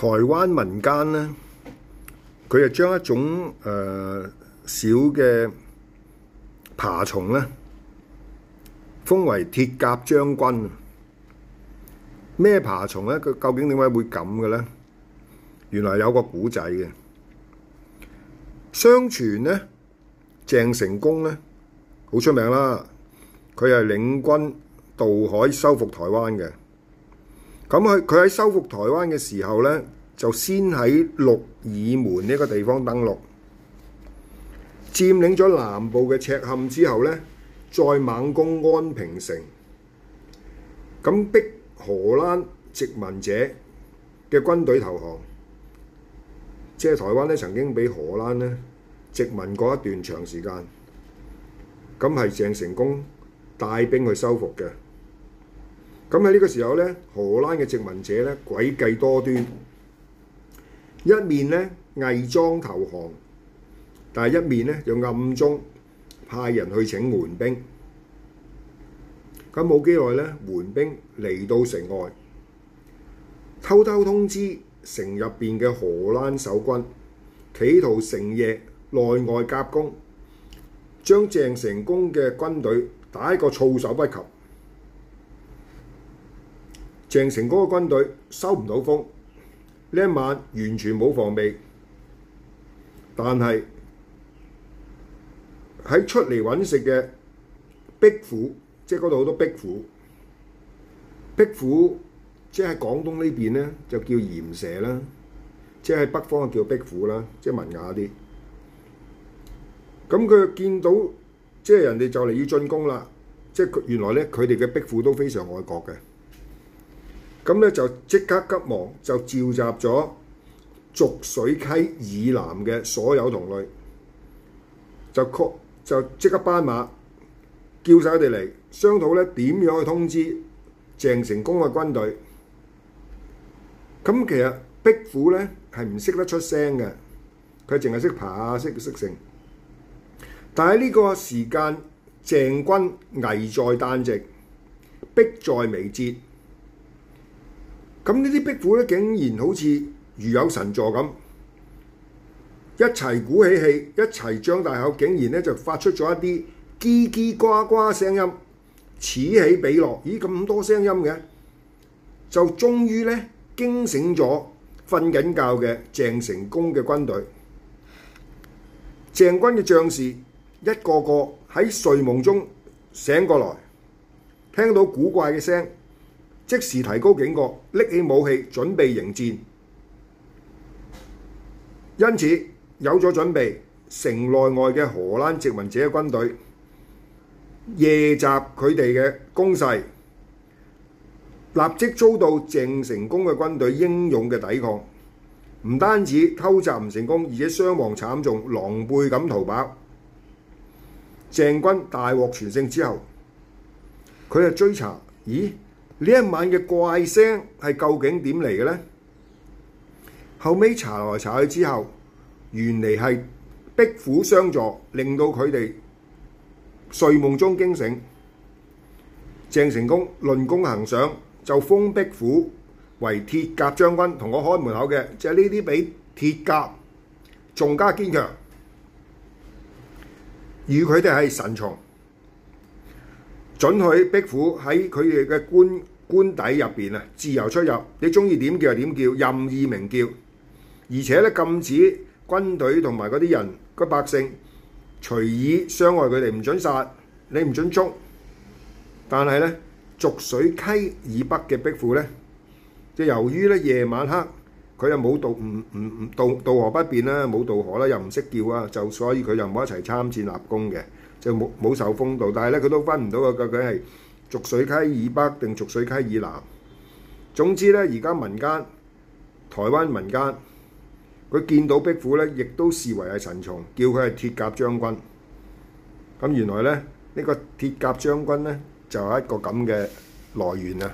台灣民間咧，佢就將一種誒、呃、小嘅爬蟲咧，封為鐵甲將軍。咩爬蟲咧？佢究竟點解會咁嘅咧？原來有個古仔嘅。相傳咧，鄭成功咧好出名啦，佢係領軍渡海收復台灣嘅。咁佢喺收復台灣嘅時候咧，就先喺鹿耳門呢個地方登陸，佔領咗南部嘅赤崁。之後咧，再猛攻安平城，咁逼荷蘭殖民者嘅軍隊投降，即係台灣咧曾經俾荷蘭咧殖民過一段長時間，咁係鄭成功帶兵去收復嘅。咁喺呢個時候咧，荷蘭嘅殖民者咧，詭計多端，一面咧偽裝投降，但係一面咧又暗中派人去請援兵。咁冇幾耐咧，援兵嚟到城外，偷偷通知城入邊嘅荷蘭守軍，企圖乘夜內外夾攻，將鄭成功嘅軍隊打一個措手不及。鄭成功嘅軍隊收唔到風，呢一晚完全冇防備，但係喺出嚟揾食嘅壁虎，即係嗰度好多壁虎，壁虎即喺廣東呢邊咧就叫鹽蛇啦，即喺北方叫壁虎啦，即係文雅啲。咁佢見到即係人哋就嚟要進攻啦，即係原來咧佢哋嘅壁虎都非常愛國嘅。咁咧就即刻急忙就召集咗濁水溪以南嘅所有同類，就曲就即刻班馬叫晒佢哋嚟商討咧點樣去通知鄭成功嘅軍隊。咁其實壁虎咧係唔識得出聲嘅，佢淨係識爬啊識識成。但係呢個時間，鄭軍危在旦夕，迫在眉睫。咁呢啲壁虎咧，竟然好似如有神助咁，一齊鼓起氣，一齊張大口，竟然咧就發出咗一啲嘰嘰呱呱聲音，此起彼落，咦，咁多聲音嘅，就終於咧驚醒咗瞓緊覺嘅鄭成功嘅軍隊，鄭軍嘅將士一個個喺睡夢中醒過來，聽到古怪嘅聲。即時提高警覺，拎起武器準備迎戰。因此有咗準備，城內外嘅荷蘭殖民者嘅軍隊夜襲佢哋嘅攻勢，立即遭到鄭成功嘅軍隊英勇嘅抵抗。唔單止偷襲唔成功，而且傷亡慘重，狼狽咁逃跑。鄭軍大獲全勝之後，佢就追查，咦？呢一晚嘅怪聲係究竟點嚟嘅呢？後尾查來查去之後，原來係壁虎相助，令到佢哋睡夢中驚醒。鄭成功論功行賞，就封壁虎為鐵甲將軍，同我開門口嘅，就係呢啲比鐵甲仲加堅強，以佢哋係神蟲。准許壁虎喺佢哋嘅官官邸入邊啊，自由出入，你中意點叫就點叫，任意鳴叫。而且咧禁止軍隊同埋嗰啲人、個百姓隨意傷害佢哋，唔准殺，你唔准捉。但係咧，濁水溪以北嘅壁虎咧，就由於咧夜晚黑佢又冇渡唔唔唔渡渡河不便啦，冇渡河啦，又唔識叫啊，就所以佢又冇一齊參戰立功嘅。就冇冇受風度，但係咧佢都分唔到個究竟係濁水溪以北定濁水溪以南。總之咧，而家民間台灣民間佢見到壁虎咧，亦都視為係神蟲，叫佢係鐵甲將軍。咁原來咧呢、呢個鐵甲將軍咧就係一個咁嘅來源啊！